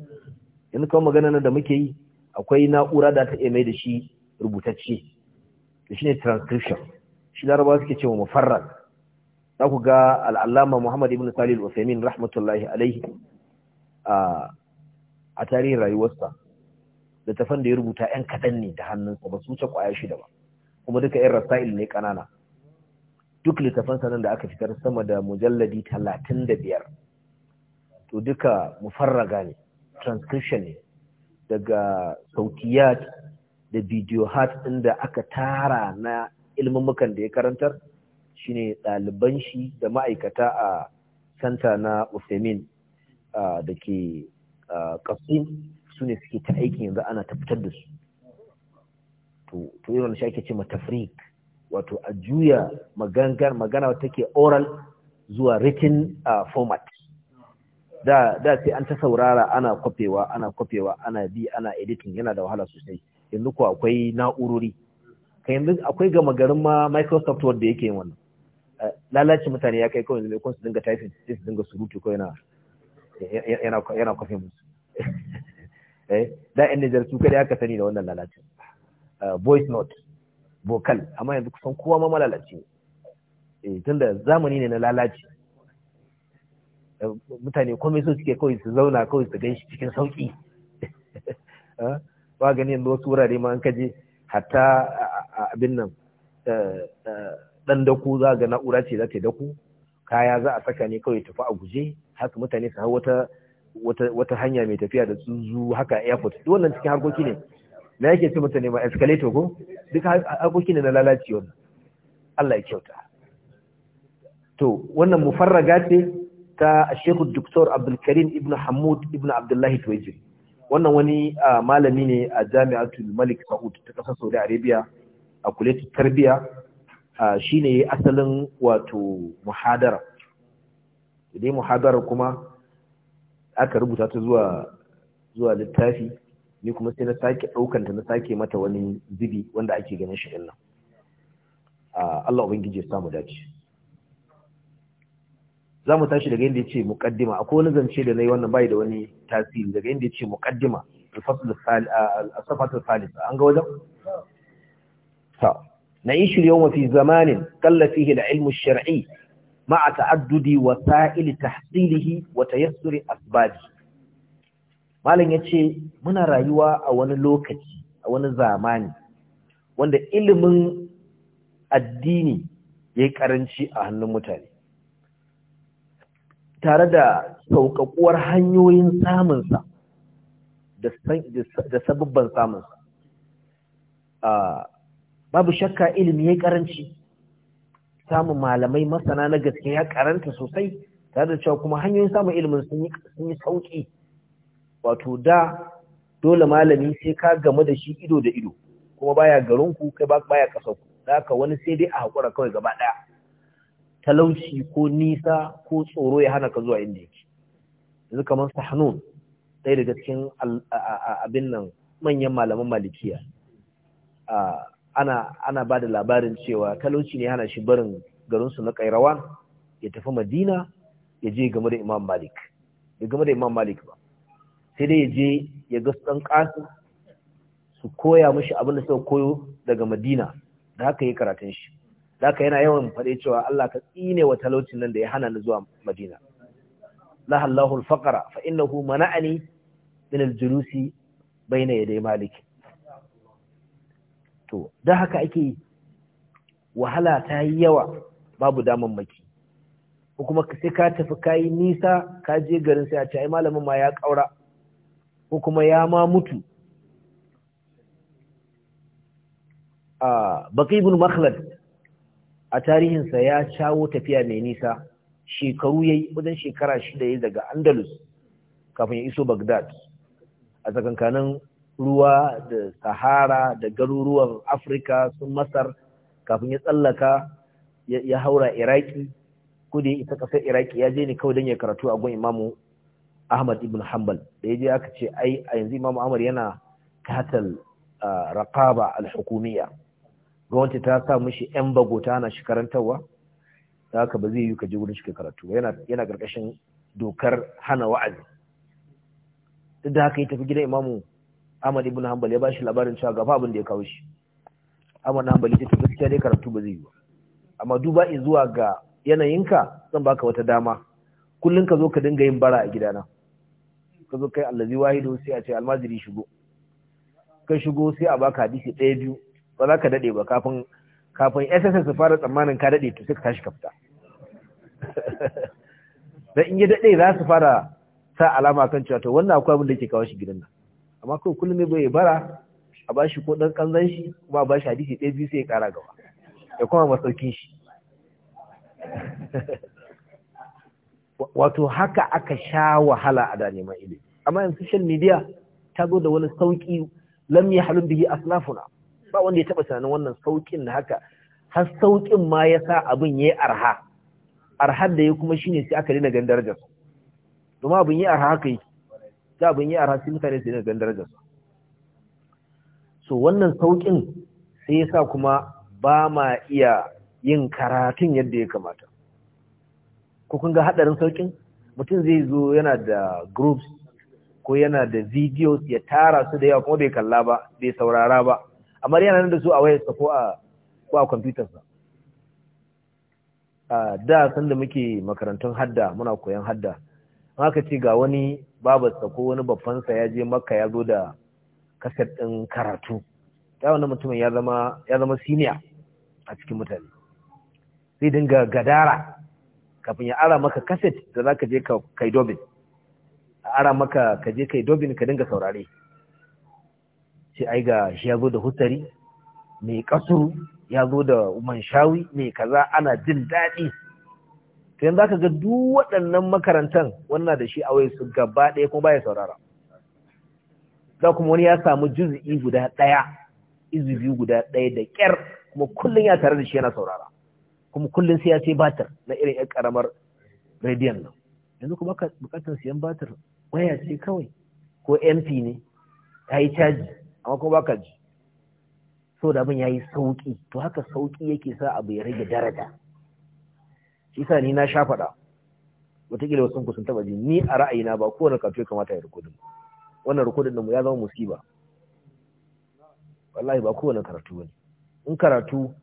yanzu kawai magana nan da muke yi akwai na'ura da ta iya da shi rubutacce da shi ne transcription shi larabawa suke cewa mufarrad za ku ga al'allama muhammad ibn salil usaimin rahmatullahi alaihi a tarihin rayuwarsa tafan da ya rubuta ‘yan kaɗan ne da hannunsa ba su wuce ƙwaya shida ba kuma duka ‘yan rasa'il ne ƙanana duk littafan sanan da aka fitar sama da mujalladi talatin da biyar to duka mufarraga ne transcription ne daga sautiyat da bidiyo hat ɗin da aka tara na ilmummukan da ya karantar shi ne ɗaliban shi da ma'aikata a santa na usemin da ke Kasim su ne suke ta aikin yanzu ana ta fitar da su. To, irin shi ake ce matafrik, wato a juya magana magana ke oral zuwa written format. Da, da sai an ta saurara ana kwafewa, ana kwafewa, ana bi, ana editing yana da wahala sosai. Yanzu ku akwai na'urori ka yanzu akwai gama garin ma microsoft word da yake yin wannan eh, lalace mutane ya kai kawai ne kun su dinga taifin sai su dinga surutu ko yana yana yana musu eh da yan Niger su kada aka sani da wannan lalace eh, voice note vocal amma yanzu kusan kowa ma ne. eh tunda zamani ne na lalace eh, mutane komai so suke kawai su zauna kawai su ganshi cikin sauki ba gani yanzu wasu wurare ma an kaje hatta abin nan dan dako za ga na'ura ce za ta dako kaya za a saka ne kawai tafi a guje haka mutane su hau wata wata hanya mai tafiya da tsuzu haka airport duk wannan cikin harkoki ne na yake ce mutane ma escalator ko duk harkoki ne na lalaci wannan Allah ya kyauta to wannan mufarraga ce ta Sheikh Dr. Abdul Karim Ibn Hamud Ibn Abdullah Tuwaji wannan wani ah, malami ne a Jami'atul Malik Saud ta kasar Saudi Arabia a tarbiyya tarbiya shi ne asalin wato muhadara idai muhadara kuma aka rubuta ta zuwa zuwa littafi ni kuma sai na sake ɗaukanta na sake mata wani zibi wanda ake ganin shi nan Allah ubangiji ya samu dace za mu tashi daga inda ya ce muƙaddima akwai wani zance da na yi wannan bai da wani tasiri daga inda ya ce muƙaddima alfasul salisa an ga wajen na نعيش اليوم في زمان قل فيه العلم الشرعي مع تعدد وسائل تحصيله وتيسر أسبابه malam ya ce muna rayuwa a wani lokaci a wani zamani wanda ilimin addini ya yi karanci a hannun mutane tare da sauƙaƙuwar hanyoyin samunsa da sababban samunsa babu shakka ilimi ya karanci samun malamai masana na gaske ya karanta sosai tare da cewa kuma hanyoyin samun ilimin sun yi sauƙi wato da dole malami sai ka gamu da shi ido da ido kuma baya garinku kai baya ƙasarku da haka wani sai dai a haƙura kawai gaba ɗaya talauci ko nisa ko tsoro ya hana ka zuwa inda yake yanzu kamar sahnun ɗaya daga cikin abin nan manyan malaman malikiya a ana ana ba da labarin cewa talauci ne hana shi barin garinsu na kairawan ya tafi madina ya je game da imam malik ya game da imam malik ba sai dai ya je ya ga su ɗan su koya mashi abin da suka koyo daga madina da haka yi karatun shi da haka yana yawan faɗe cewa Allah ka tsine wa talaucin nan da ya hana ni zuwa madina la hallahu alfaqara fa innahu mana'ani min aljulusi bayna yaday malik. to da haka ake wahala ta yi yawa babu damammaki ko kuma sai ka tafi ka yi nisa ka je garin sai a ce ai malamin ma ya kaura ko kuma ya ma mutu a baki ibn makhlad a tarihinsa ya shawo tafiya mai nisa shekaru ya yi wajen shekara shida ya daga andalus kafin ya iso bagdad a tsakankanin ruwa da sahara da garuruwan afirka sun masar kafin ya tsallaka ya haura iraki kudi ya isa ƙasar iraki ya je ne kawai don ya karatu a gun imamu ahmad ibn hanbal da ya je aka ce ai a yanzu imamu ahmad yana katal raqaba al-hukumiyya gwamnati ta sa mishi yan bagota na shi karantarwa da haka ba zai yi ka je wurin shi karatu yana yana karkashin dokar hana wa'azi duk da haka ya tafi gidan imamu Ahmad ibn Hanbal ya bashi labarin cewa gafa abin da ya kawo shi Ahmad Hanbali ce to gaskiya dai karatu ba zai yi ba amma duba zuwa ga yanayinka zan baka wata dama kullun ka zo ka dinga yin bara a gidana ka zo kai allazi wahidu sai a ce almajiri shigo ka shigo sai a baka hadisi ɗaya biyu ba za ka daɗe ba kafin kafin SSS su fara tsammanin ka daɗe to sai ka tashi ka fita dan in ya daɗe za su fara sa alama kan cewa to wannan akwai abin da yake kawo shi gidan nan amma kawai kullum ne bai bara a bashi ko dan kanzan shi kuma a bashi hadisi ɗaya biyu sai ya kara gaba ya kuma masaukin shi wato haka aka sha wahala a da neman ilimi amma yanzu social media ta zo da wani sauƙi lam halin bihi aslafuna ba wanda ya taɓa tunanin wannan sauƙin na haka har sauƙin ma ya sa abin ya yi arha arhar da ya kuma shine sai aka daina da su domin abin yi arha haka yake Da abin yi arha rasu mutane su yi ganin darajar so wannan sauƙin sai ya sa kuma ba ma iya yin karatun yadda ya kamata ko kun ga hadarin saukin mutum zai zo yana da groups ko yana da videos ya tara su da yawa kuma bai kalla ba bai saurara ba amma yana nan da su a wayarsa ko a ko a kwamfutarsa da sanda muke makarantun hadda muna koyan hadda haka ce ga wani Babu ko wani babban sa ya je maka ya zo da kaset ɗin karatu ya wani mutumin ya zama ya zama siniya a cikin mutane zai dinga gadara kafin ya ara maka kaset da za ka je ka kai dobin a ara maka ka je kai dobin ka dinga saurare sai ai ga shi ya zo da hutari mai kasuru ya zo da manshawi mai kaza ana jin daɗi sai yanzu aka ga duk waɗannan makarantan wannan da shi a wai su gaba ɗaya kuma baya saurara da kuma wani ya samu juzu'i guda ɗaya izubi guda ɗaya da ƙyar kuma kullum ya tare da shi yana saurara kuma kullum sai ya ce batir na irin ƴan ƙaramar rediyon nan yanzu kuma ka bukatar siyan batar waya ce kawai ko mp ne ta yi caji amma kuma baka ji so da abin ya yi sauƙi to haka sauƙi yake sa abu ya rage daraja isa ni na shafada wataƙila wasu sun taɓa ji ni a ra'ayina ba kowane karatu ya kamata ya rikodin wannan rikodin mu ya zama musiba wallahi ba kowane karatu ne. in karatu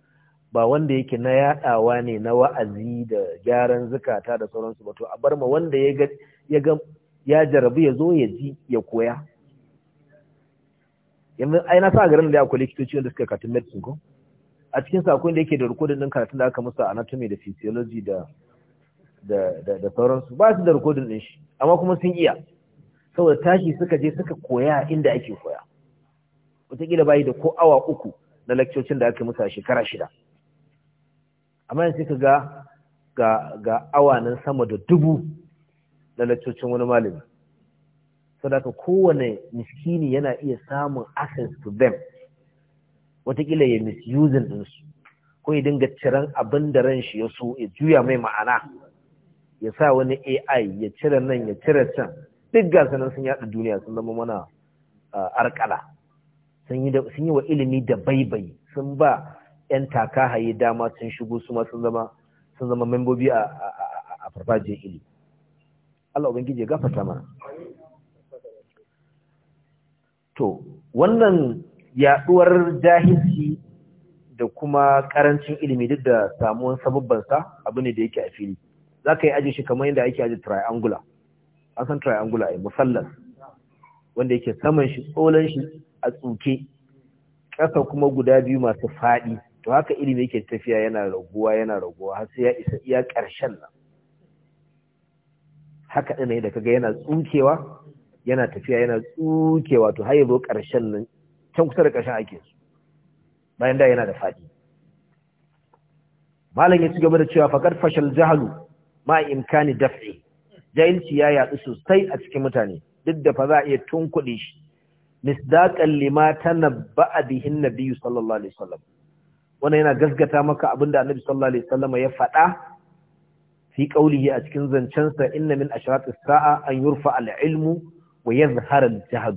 ba wanda yake na yadawa ne na wa'azi da gyaran zukata da sauransu ba to a bar ma wanda ya ga ya jarabu ya zo ya ji ya koya yanzu ai na sa garin da akwai likitoci wanda suka katun medicine ko a cikin sakon da yake da rikodin din karatun da aka musa anatomy da physiology da da da sauransu ba su da rikodin din shi amma kuma sun iya saboda tashi suka je suka koya inda ake koya wataƙila bayi da ko awa uku na lakcocin da aka musa shekara shida amma yanzu ka ga ga ga nan sama da dubu na lakcocin wani malami saboda kowane miskini yana iya samun access to them watakila ya misusing ɗinsu ko ya dinga ciran abin da ran shi ya so ya juya mai ma'ana ya sa wani AI ya cire nan ya cire can duk gasanin sun yaɗa duniya sun zama mana arkala sun yi wa ilimi da baibai sun ba 'yan taka haye dama sun shigo su ma sun zama sun zama membobi a farfajiyar ilimi Allah ubangiji ya gafarta mana to wannan Yaɗuwar jahilci da kuma karancin ilimi duk da samuwan sababbansa abu ne da yake a fili za ka yi aji shi kamar yadda ake aji triangular an san triangular a musallas wanda yake saman shi tsolon shi a tsuke ƙasa kuma guda biyu masu faɗi to haka ilimi yake tafiya yana raguwa yana raguwa har sai ya isa iya ƙarshen nan haka ɗin da kaga yana tsukewa yana tafiya yana tsukewa to har ya zo ƙarshen nan can kusa da ƙarshen ake su bayan da yana da faɗi malam ya ci gaba da cewa faƙar fashal jahalu ma imkani daf'i jahilci ya yaɗu sosai a cikin mutane duk da fa za a iya tunkuɗe shi Misdaƙan lima tanabba'a bihin Nabiyu sallallahu alaihi wasallam wannan yana gaskata maka abinda annabi sallallahu alaihi wasallam ya faɗa fi qaulihi a cikin zancensa inna min ashratis sa'a an yurfa al-ilmu wa yadhhara al-jahd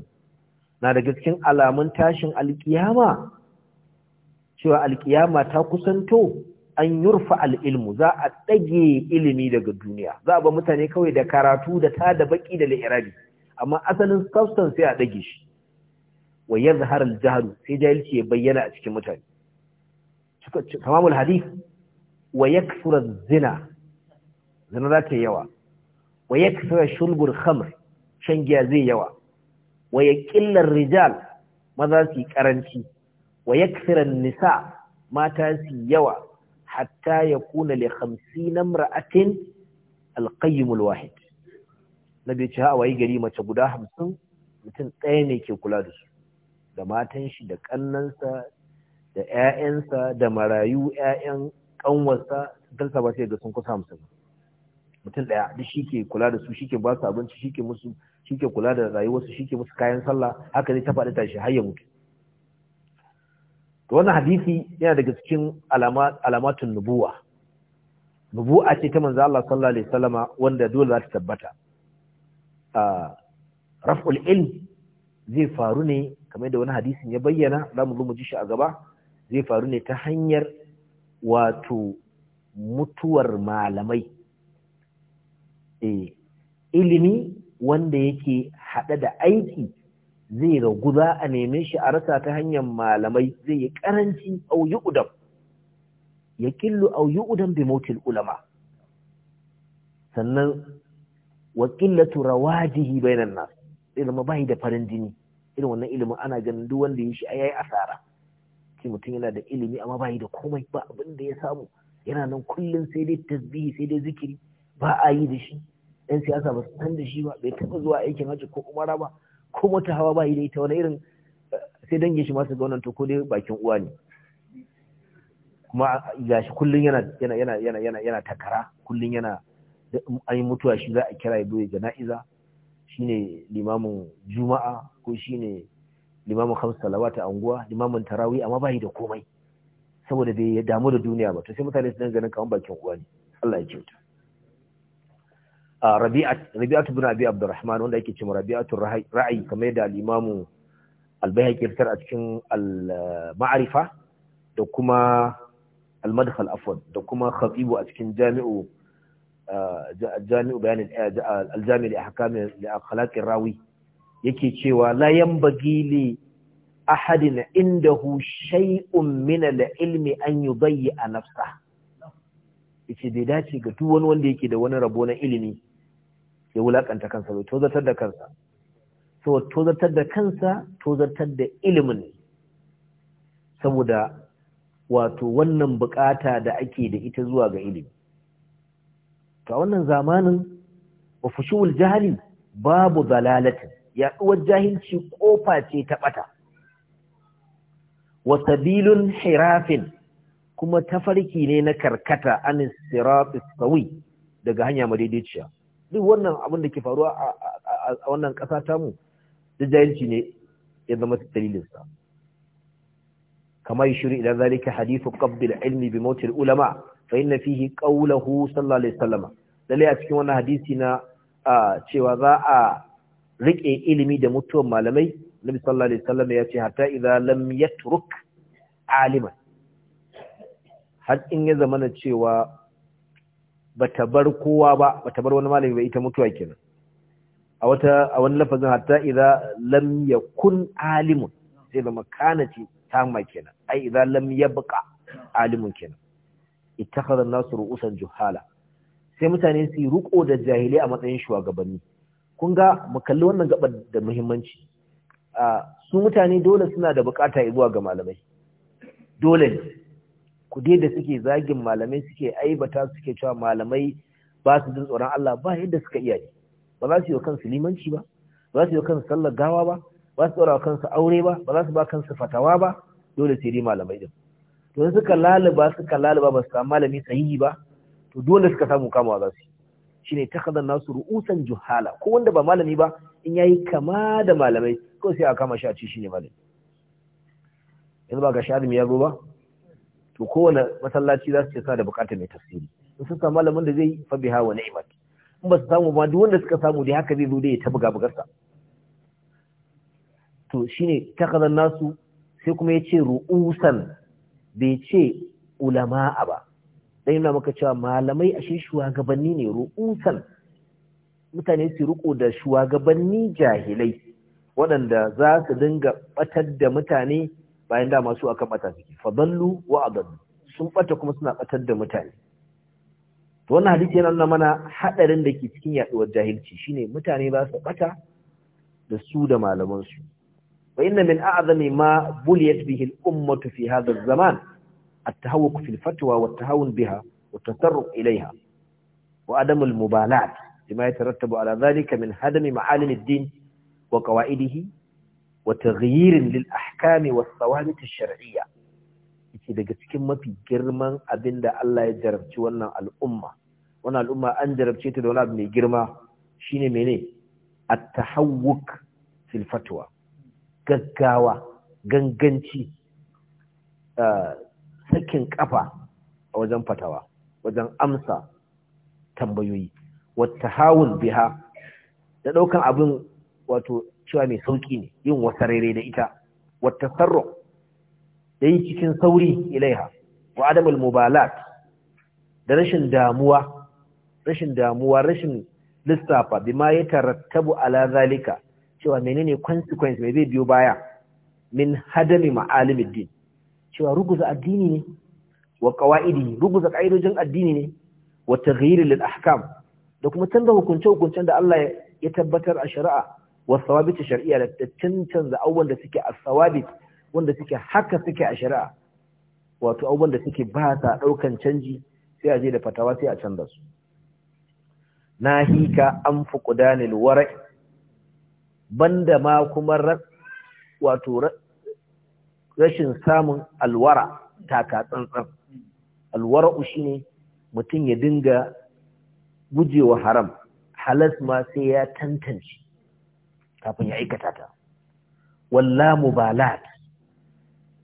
na daga cikin alamun tashin alkiyama cewa alkiyama ta kusanto an yurfa al'ilmu za a ɗage ilimi daga duniya za a ba mutane kawai da karatu da ta da baƙi da la'irabi amma asalin substance sai a ɗage shi wa ya zaharar sai jahilci ya bayyana a cikin mutane kamamul hadith wa ya zina zina za ta yawa wa ya shulbur khamr shan giya zai yawa Waye killar rijal maza su karanci wa yakfiran nisa mata su yawa hatta yakuna li 50 imra'atin al-qayyim wahid nabi ce a wayi gari mace guda 50 mutum ɗaya ne ke kula da su da matan shi da kannansa da 'ya'yansa, da marayu ƴaƴan kanwarsa dalta ba sai ga sun kusa 50 mutum ɗaya duk shi ke kula da su shi ke ba su abinci shi ke musu shi ke kula da rayuwarsu shi ke musu kayan sallah haka ne ta faɗi tashi har ya mutu to wannan hadisi yana daga cikin alamatun nubuwa nubuwa ce ta manzo Allah sallallahu alaihi wasallama wanda dole za ta tabbata a raf'ul ilm zai faru ne kamar da wani hadisin ya bayyana za mu zo mu ji shi a gaba zai faru ne ta hanyar wato mutuwar malamai eh ilimi wanda yake haɗe da aiki zai ragu za a neme shi a rasa ta hanyar malamai zai yi karanci a yi udam ya killu a yi udam bi motil ulama sannan wa killatu rawajihi bainan nas ilimi ba bai da farin jini irin wannan ilimin ana ganin duk wanda ya shi a yayi asara ce mutum yana da ilimi amma bai da komai ba abin ya samu yana nan kullum sai dai tasbihi sai dai zikiri ba a yi da shi yan siyasa ba su san da shi ba bai taɓa zuwa aikin hajji ko umara ba ko mota hawa ba yi da ita wani irin eh, sai dangin shi masu gwamnan to ko dai bakin uwa ne kuma ga shi kullum yana yana yana yana yana yana takara kullum yana an yi mutuwa shi za a kira ya doye jana'iza shine limamin juma'a ko shine limamin hamsu salawata a unguwa limamin tarawi amma ba yi da komai saboda bai damu da duniya ba to sai mutane su dangane ganin kama bakin uwa ne Allah ya ce ta. rabi'atu bin abi abdurrahman wanda yake cewa rabi'atu ra'ayi kamar da al-imamu al-bayhaqi fitar a cikin al-ma'rifa da kuma al-madkhal afwan da kuma khatibu a cikin jami'u jami'u bayanin al-jami' li ahkam li akhlaq rawi yake cewa la yanbaghi li ahadin indahu shay'un min al-ilmi an yudayyi nafsahu yace bai dace ga duk wani wanda yake da wani rabo na ilimi ya wulakanta kansa bai tozartar da kansa so tozartar da kansa tozartar da ilimin saboda wato wannan bukata da ake da ita zuwa ga ilimi to wannan zamanin wa fushul jahali babu ya yaduwar jahilci ƙofa ce ta ɓata. wa sabilun hirafin kuma tafarki ne na karkata anis sirat sawi daga hanya madaidaiciya duk wannan abin da ke faruwa a wannan ƙasa mu da jahilci ne ya zama dalilinsa kamar shiru idan zalika hadithu qabdil ilmi bi mautil ulama fa inna fihi qawluhu sallallahu alaihi wasallam lalle a cikin wannan hadisi na cewa za a rike ilimi da mutuwar malamai nabi sallallahu alaihi wasallam ya ce hatta idza lam yatruk aliman har in ya zamana cewa bata bar kowa ba bata bar wani malami ba ita mutuwa kenan a wata a wani lafazin hatta idza lam yakun alimun sai da makana ce tama kenan ai idza lam yabqa alimun kenan ittakhadha an-nasu ru'usan juhala sai mutane su ruko da jahili a matsayin shugabanni kun ga mu kalli wannan gabar da muhimmanci su mutane dole suna da bukata zuwa ga malamai dole ku dai da suke zagin malamai suke aibata suke cewa malamai ba su jin tsoron Allah ba yadda suka iya ne ba za su yi wa kansu limanci ba ba za su yi wa kansu sallar gawa ba ba su tsora kansu aure ba ba za su ba kansu fatawa ba dole sai dai malamai din to suka laluba suka laluba ba su samu malami sahihi ba to dole suka samu kamawa za su shine takaza nasu ru'usan juhala ko wanda ba malami ba in yayi kama da malamai ko sai a kama shi a ci shine malami yanzu ba ga shalim ya zo ba to kowane masallaci za su ce suna da bukatar mai tafsiri in sun samu malamin da zai fa hawa wa ni'mat in ba su samu ba duk wanda suka samu dai haka zai zo dai ya tabuga bugarsa to shine kazan nasu sai kuma ya ce ru'usan bai ce ulama'a ba dan yana maka cewa malamai ashe shugabanni ne ru'usan mutane su riko da shugabanni jahilai waɗanda za su dinga batar da mutane bayan dama su aka bata suke fadallu wa adallu sun bata kuma suna batar da mutane to wannan hadisi yana nuna mana hadarin da ke cikin yaduwar jahilci shine mutane ba su bata da su da malaman su wa inna min a'zami ma buliyat bihi al-ummatu fi hadha az-zaman at-tahawuk fi al-fatwa wa at-tahawun biha wa at-tasarruf ilayha wa adam al-mubalat bima yatarattabu ala dhalika min hadami ma'alim ad-din wa qawa'idihi wa taghyirin lil ahkami was shariyya yake daga cikin mafi girman abin da Allah ya jarabci wannan al'umma wannan al'umma an jarabce ta da wani abu mai girma shine mene at-tahawwuk fil fatwa gaggawa ganganci sakin kafa a wajen fatawa wajen amsa tambayoyi wata hawun biha da ɗaukan abin wato cewa mai sauki ne yin wasa rere da ita wata sarro da yi cikin sauri ilaiha wa adamul mubalat da rashin damuwa rashin damuwa rashin lissafa bima ya tarattabu ala zalika cewa menene consequence mai zai biyo baya min hadami ma'alimin din cewa ruguza addini ne wa qawaidi ruguza ka'idojin addini ne wa taghyir lil ahkam da kuma canza hukunce hukuncen da Allah ya tabbatar a shari'a والثوابت الشرعية لتتنتن أول لسك الثوابت وان لسك حكا سك الشرع واتو أول لسك باتا أو كان تنجي في أجيل فتواتي أتندس ناهيك أنفق دان الورع بند ما كمرت واتو rashin samun alwara taka tsantsan alwara'u shine mutum ya dinga gujewa haram halas ma sai ya tantance kafin ya aikata ta walla mubalat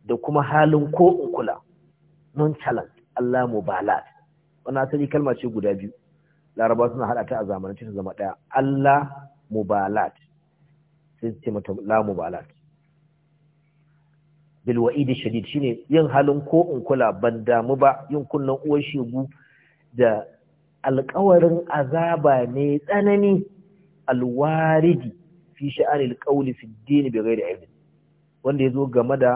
da kuma halin ko in kula challenge Allah mubalat wannan asali kalma ce guda biyu laraba suna hada ta a zamanance ta zama daya Allah mubalat sai ce mata la mubalat bil wa'idi shadid shine yin halin ko in kula ban damu ba yin kunnan uwar shegu da alƙawarin azaba ne tsanani alwaridi fi sha'anil qawli fi din bi ghairi ilm wanda yazo game da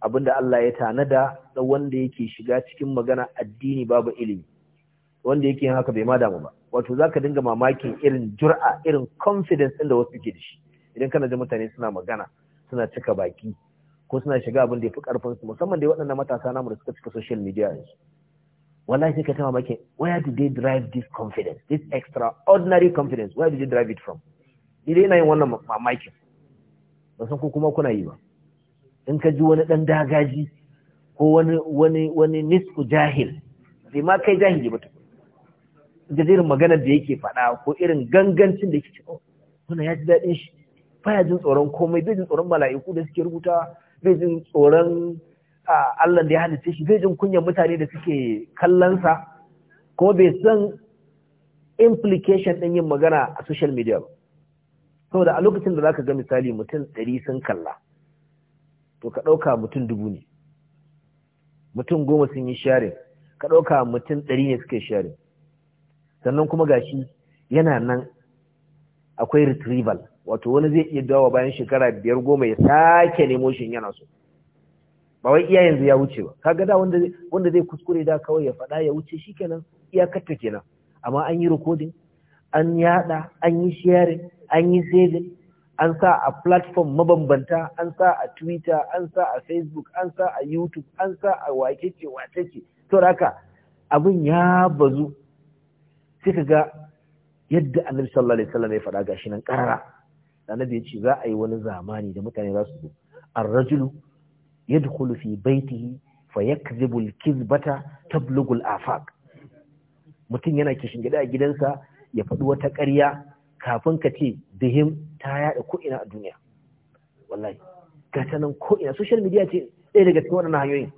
abinda Allah ya tanada da wanda yake shiga cikin magana addini babu ilimi wanda yake yin haka bai ma damu ba wato zaka dinga mamakin irin jur'a irin confidence inda da wasu ke da shi idan kana ji mutane suna magana suna cika baki ko suna shiga abin da yafi karfin su musamman dai waɗannan matasa namu da suka cika social media yanzu wallahi sai ka ta mamakin where did they drive this confidence this extraordinary confidence where did they drive it from Idan dai ina yin wannan mamakin ba san ko kuma kuna yi ba in ka ji wani dan dagaji ko wani wani wani nisku jahil sai ma kai jahili ba da irin maganar da yake faɗa ko irin gangancin da yake ce oh, wannan ya ji daɗin shi baya jin tsoron komai bai jin tsoron mala'iku da suke rubuta bai jin tsoron Allah da ya halitta shi bai jin kunyar mutane da suke kallonsa ko bai san implication ɗin yin magana a social media ba da a lokacin da zaka ga misali mutum ɗari sun kalla to ka ɗauka mutum dubu ne mutum goma sun yi sharin, ka ɗauka mutum ɗari ne suke sharin. sannan kuma gashi yana nan akwai retrieval wato wani zai iya dawa bayan shekara biyar goma ya sake nemo shi yana so ba wai iya yanzu ya wuce ba Ka gada wanda zai kuskure da kawai ya faɗa ya wuce shikenan iya katta kenan amma an yi rikodin, an yada an yi sharing an yi saving an sa a platform mabambanta an sa a twitter an sa a facebook an sa a youtube an sa a wake ce wace ce to haka abin ya bazu sai ka ga yadda annabi sallallahu alaihi wasallam ya faɗa gashi nan karara annabi ya ce za a yi wani zamani da mutane za su zo ar-rajulu yadkhulu fi baitihi fa yakdhibu al-kizbata tablughu al-afaq mutum yana kishin gida a gidansa ya faɗi wata ƙarya kafin ka ce bihim ta yaɗa ko'ina a duniya wallahi gata nan ko'ina social media ce ɗaya daga cikin waɗannan hanyoyin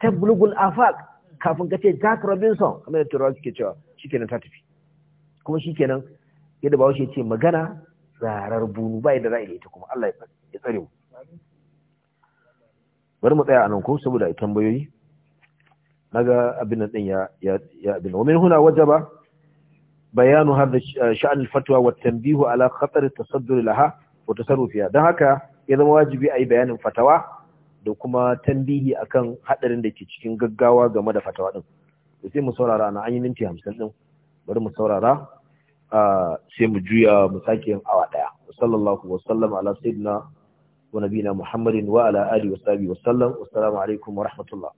ta bulugul afak kafin ka ce jack robinson kamar da turawa suke cewa shikenan ta tafi kuma shi shikenan yadda ba ya ce magana zarar bunu ba yadda za a yi ita kuma allah ya tsare mu bari mu tsaya a nan ko saboda tambayoyi naga abin nan din ya ya abin wa min huna wajaba bayanu da eh, sha'an sha'anin fatwa wa tambihu ala khatar at-tasaddur laha wa tasarrufiha dan haka ya zama wajibi ayi bayanin fatawa da kuma tambihi akan hadarin da ke cikin gaggawa game da fatawa din sai mu saurara na an yi minti 50 din bari mu saurara sai mu juya mu sake yin awa daya sallallahu wa sallam ala sayyidina wa nabiyina muhammadin wa ala alihi wa sahbihi wa sallam assalamu alaikum wa rahmatullah